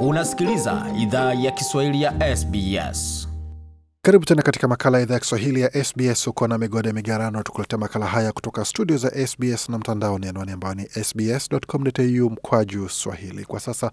Unasikiliza idhaa ya Kiswahili ya SBS. Karibu tena katika makala ya idhaa ya Kiswahili ya SBS. Huko na migode migarano, tukuletea makala haya kutoka studio za SBS na mtandaoni, anwani ambayo ni sbs.com.au mkwaju swahili. Kwa sasa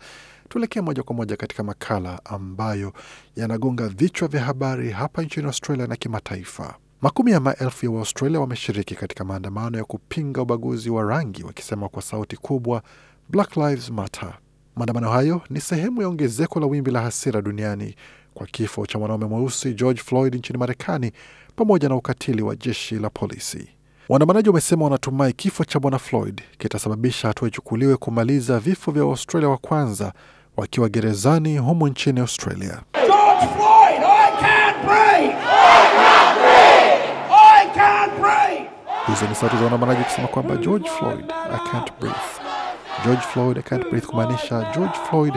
tuelekee moja kwa moja katika makala ambayo yanagonga vichwa vya habari hapa nchini Australia na kimataifa. Makumi ya maelfu ya Waustralia wameshiriki katika maandamano ya kupinga ubaguzi wa rangi, wakisema kwa sauti kubwa Black Lives Matter. Maandamano hayo ni sehemu ya ongezeko la wimbi la hasira duniani kwa kifo cha mwanaume mweusi George Floyd nchini Marekani pamoja na ukatili wa jeshi la polisi. Waandamanaji wamesema wanatumai kifo cha bwana Floyd kitasababisha hatua ichukuliwe kumaliza vifo vya Waustralia wa kwanza wakiwa gerezani humo nchini Australia. hizo ni sauti za waandamanaji kusema kwamba George Floyd I can't breathe. George Floyd, I can't breathe, kumaanisha George Floyd,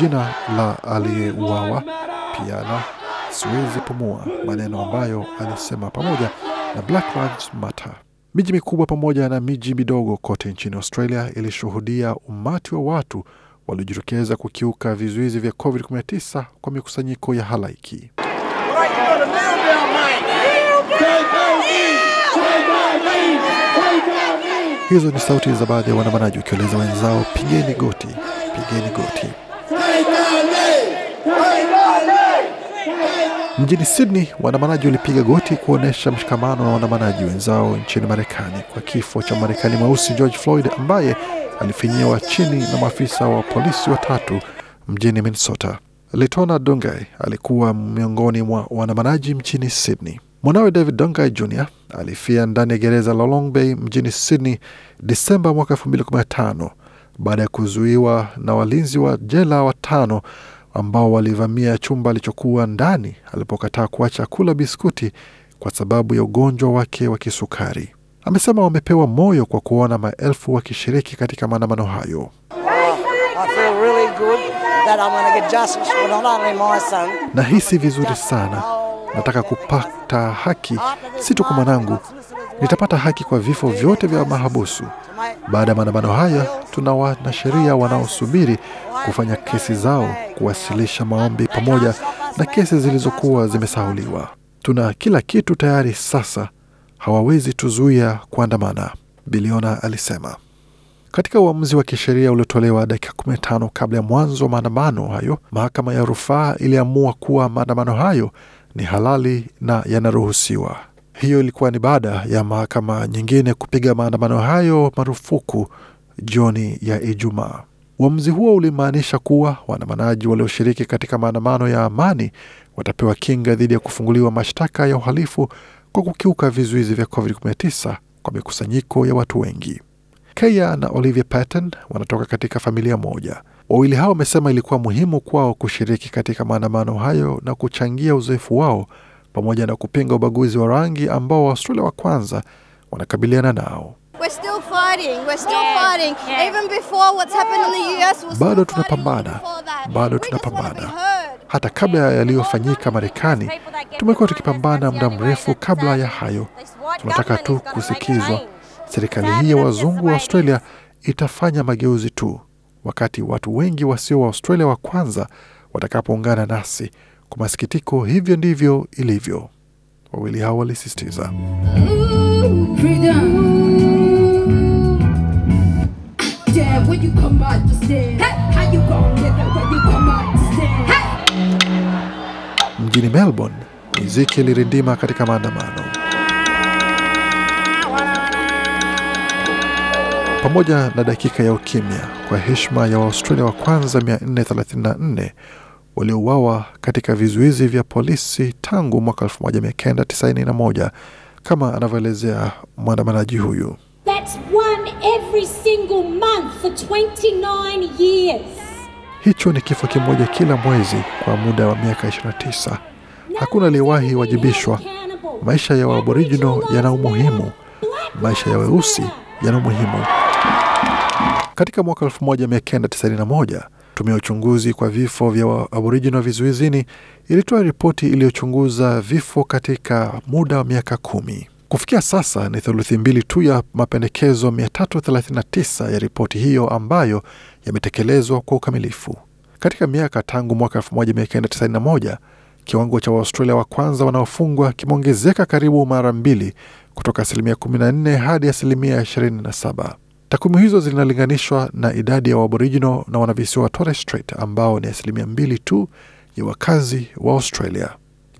jina la aliyeuawa, pia na siwezi pumua, maneno ambayo alisema pamoja na Black Lives Matter. Miji mikubwa pamoja na miji midogo kote nchini Australia ilishuhudia umati wa watu waliojitokeza kukiuka vizuizi vya COVID-19 kwa mikusanyiko ya halaiki. Right, Hizo ni sauti za baadhi ya waandamanaji wakieleza wenzao, pigeni goti, pigeni goti. Mjini Sydney, waandamanaji walipiga goti kuonyesha mshikamano na waandamanaji wenzao nchini Marekani kwa kifo cha Marekani mweusi George Floyd ambaye alifinyiwa chini na maafisa wa polisi watatu mjini Minnesota. Letona Dungay alikuwa miongoni mwa waandamanaji mjini Sydney. Mwanawe David Dongai Jr alifia ndani ya gereza la Long Bay mjini Sydney Disemba mwaka 2015 baada ya kuzuiwa na walinzi wa jela watano ambao walivamia chumba alichokuwa ndani alipokataa kuacha kula biskuti kwa sababu ya ugonjwa wake wa kisukari. Amesema wamepewa moyo kwa kuona maelfu wakishiriki katika maandamano hayo. Nahisi vizuri sana Nataka kupata haki, si tu kwa mwanangu, nitapata haki kwa vifo vyote vya mahabusu. Baada ya maandamano haya, tuna wanasheria wanaosubiri kufanya kesi zao, kuwasilisha maombi pamoja na kesi zilizokuwa zimesahuliwa. Tuna kila kitu tayari sasa, hawawezi tuzuia kuandamana, Biliona alisema. Katika uamuzi wa kisheria uliotolewa dakika 15 kabla ya mwanzo wa maandamano hayo, mahakama ya rufaa iliamua kuwa maandamano hayo ni halali na yanaruhusiwa. Hiyo ilikuwa ni baada ya mahakama nyingine kupiga maandamano hayo marufuku jioni ya Ijumaa. Uamuzi huo ulimaanisha kuwa waandamanaji walioshiriki katika maandamano ya amani watapewa kinga dhidi ya kufunguliwa mashtaka ya uhalifu kwa kukiuka vizuizi vya COVID-19 kwa mikusanyiko ya watu wengi. Keya na Olivia Patton wanatoka katika familia moja. Wawili hao wamesema ilikuwa muhimu kwao kushiriki katika maandamano hayo na kuchangia uzoefu wao pamoja na kupinga ubaguzi wa rangi ambao Waaustralia wa kwanza wanakabiliana nao. Bado tunapambana, bado tunapambana. Hata kabla ya yaliyofanyika Marekani, tumekuwa tukipambana muda mrefu kabla ya hayo. Tunataka tu kusikizwa. Serikali hii ya wazungu wa Australia itafanya mageuzi tu wakati watu wengi wasio wa Australia wa kwanza watakapoungana nasi. Kwa masikitiko, hivyo ndivyo ilivyo, wawili hao walisisitiza. Mjini Melbourne, muziki ilirindima katika maandamano. pamoja na dakika ya ukimya kwa heshima ya Waaustralia wa kwanza 434 waliouawa katika vizuizi vya polisi tangu mwaka 1991 kama anavyoelezea mwandamanaji huyu. Hicho ni kifo kimoja kila mwezi kwa muda wa miaka 29. Hakuna aliyewahi wajibishwa. Maisha ya Waborijino yana umuhimu, maisha ya weusi yana umuhimu. Katika mwaka 1991 tume ya uchunguzi kwa vifo vya Aboriginal vizuizini ilitoa ripoti iliyochunguza vifo katika muda wa miaka kumi. Kufikia sasa ni theluthi mbili tu ya mapendekezo 339 ya ripoti hiyo ambayo yametekelezwa kwa ukamilifu. Katika miaka tangu mwaka 1991 kiwango cha Waaustralia wa kwanza wanaofungwa kimeongezeka karibu mara mbili kutoka asilimia 14 hadi asilimia 27. Takwimu hizo zinalinganishwa na idadi ya Waborijino na wanavisiwa Torres Strait ambao ni asilimia mbili tu ya wakazi wa Australia.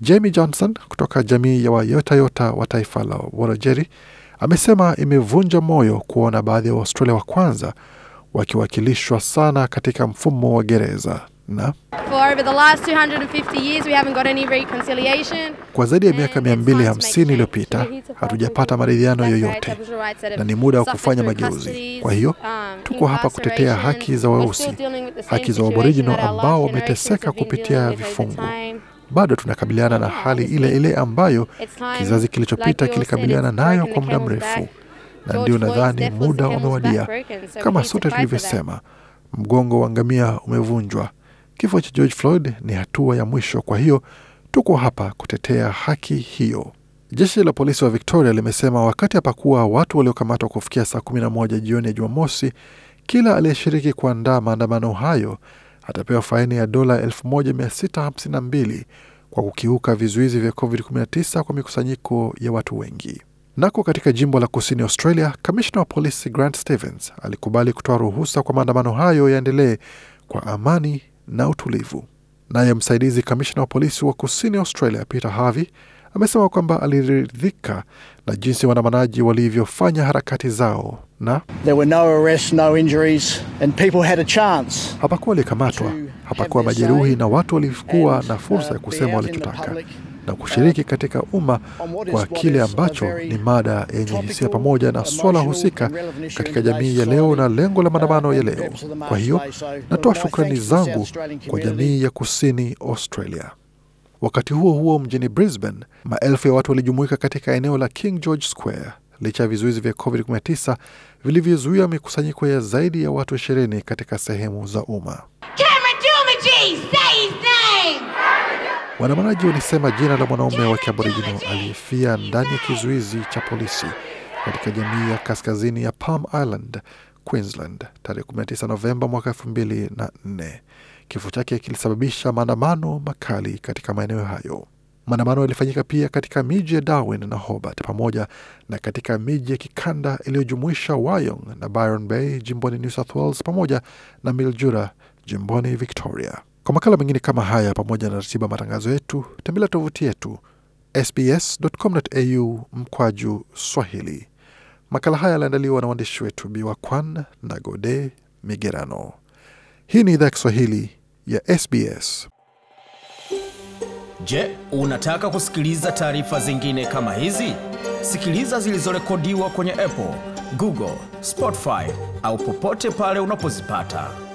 Jamie Johnson kutoka jamii ya Wayotayota wa taifa la warajeri amesema imevunja moyo kuona baadhi ya Waustralia wa kwanza wakiwakilishwa sana katika mfumo wa gereza na kwa zaidi ya miaka 250 iliyopita hatujapata maridhiano yoyote, na ni muda wa kufanya mageuzi. Kwa hiyo um, tuko hapa kutetea haki za weusi, haki za waborijino ambao wameteseka kupitia vifungu. Bado tunakabiliana na hali ile ile ambayo kizazi kilichopita kilikabiliana nayo kwa muda mrefu, na ndio nadhani muda umewadia. Kama sote tulivyosema, mgongo wa ngamia umevunjwa. Kifo cha George Floyd ni hatua ya mwisho, kwa hiyo tuko hapa kutetea haki hiyo. Jeshi la polisi wa Victoria limesema wakati hapakuwa watu waliokamatwa kufikia saa 11 jioni ya Jumamosi, kila aliyeshiriki kuandaa maandamano hayo atapewa faini ya dola 1652 kwa kukiuka vizuizi vya COVID-19 kwa mikusanyiko ya watu wengi. Nako katika jimbo la kusini Australia, kamishna wa polisi Grant Stevens alikubali kutoa ruhusa kwa maandamano hayo yaendelee kwa amani na utulivu. Naye msaidizi kamishna wa polisi wa kusini Australia Peter Harvey amesema kwamba aliridhika na jinsi waandamanaji walivyofanya harakati zao na hapakuwa walikamatwa, hapakuwa majeruhi na watu walikuwa na fursa ya uh, kusema walichotaka na kushiriki katika umma kwa kile ambacho ni mada yenye hisia pamoja na swala husika katika jamii ya leo na lengo la maandamano ya leo. Kwa hiyo natoa shukrani zangu kwa jamii ya kusini Australia. Wakati huo huo, mjini Brisbane, maelfu ya watu walijumuika katika eneo la King George Square licha ya vizuizi vya COVID-19 vilivyozuia mikusanyiko ya zaidi ya watu ishirini katika sehemu za umma. Cameron, Waandamanaji walisema jina la mwanaume wa Kiaborijini aliyefia ndani ya kizuizi cha polisi katika jamii ya kaskazini ya Palm Island, Queensland, tarehe 19 Novemba mwaka 2004. Kifo chake kilisababisha maandamano makali katika maeneo hayo. Maandamano yalifanyika pia katika miji ya Darwin na Hobart pamoja na katika miji ya kikanda iliyojumuisha Wyong na Byron Bay jimboni New South Wales pamoja na Mildura jimboni Victoria. Kwa makala mengine kama haya pamoja na ratiba matangazo yetu, tembelea tovuti yetu sbs.com.au mkwaju Swahili. Makala haya yaliandaliwa na waandishi wetu Biwa Kwan na Gode Migerano. Hii ni idhaa ya Kiswahili ya SBS. Je, unataka kusikiliza taarifa zingine kama hizi? Sikiliza zilizorekodiwa kwenye Apple, Google, Spotify au popote pale unapozipata.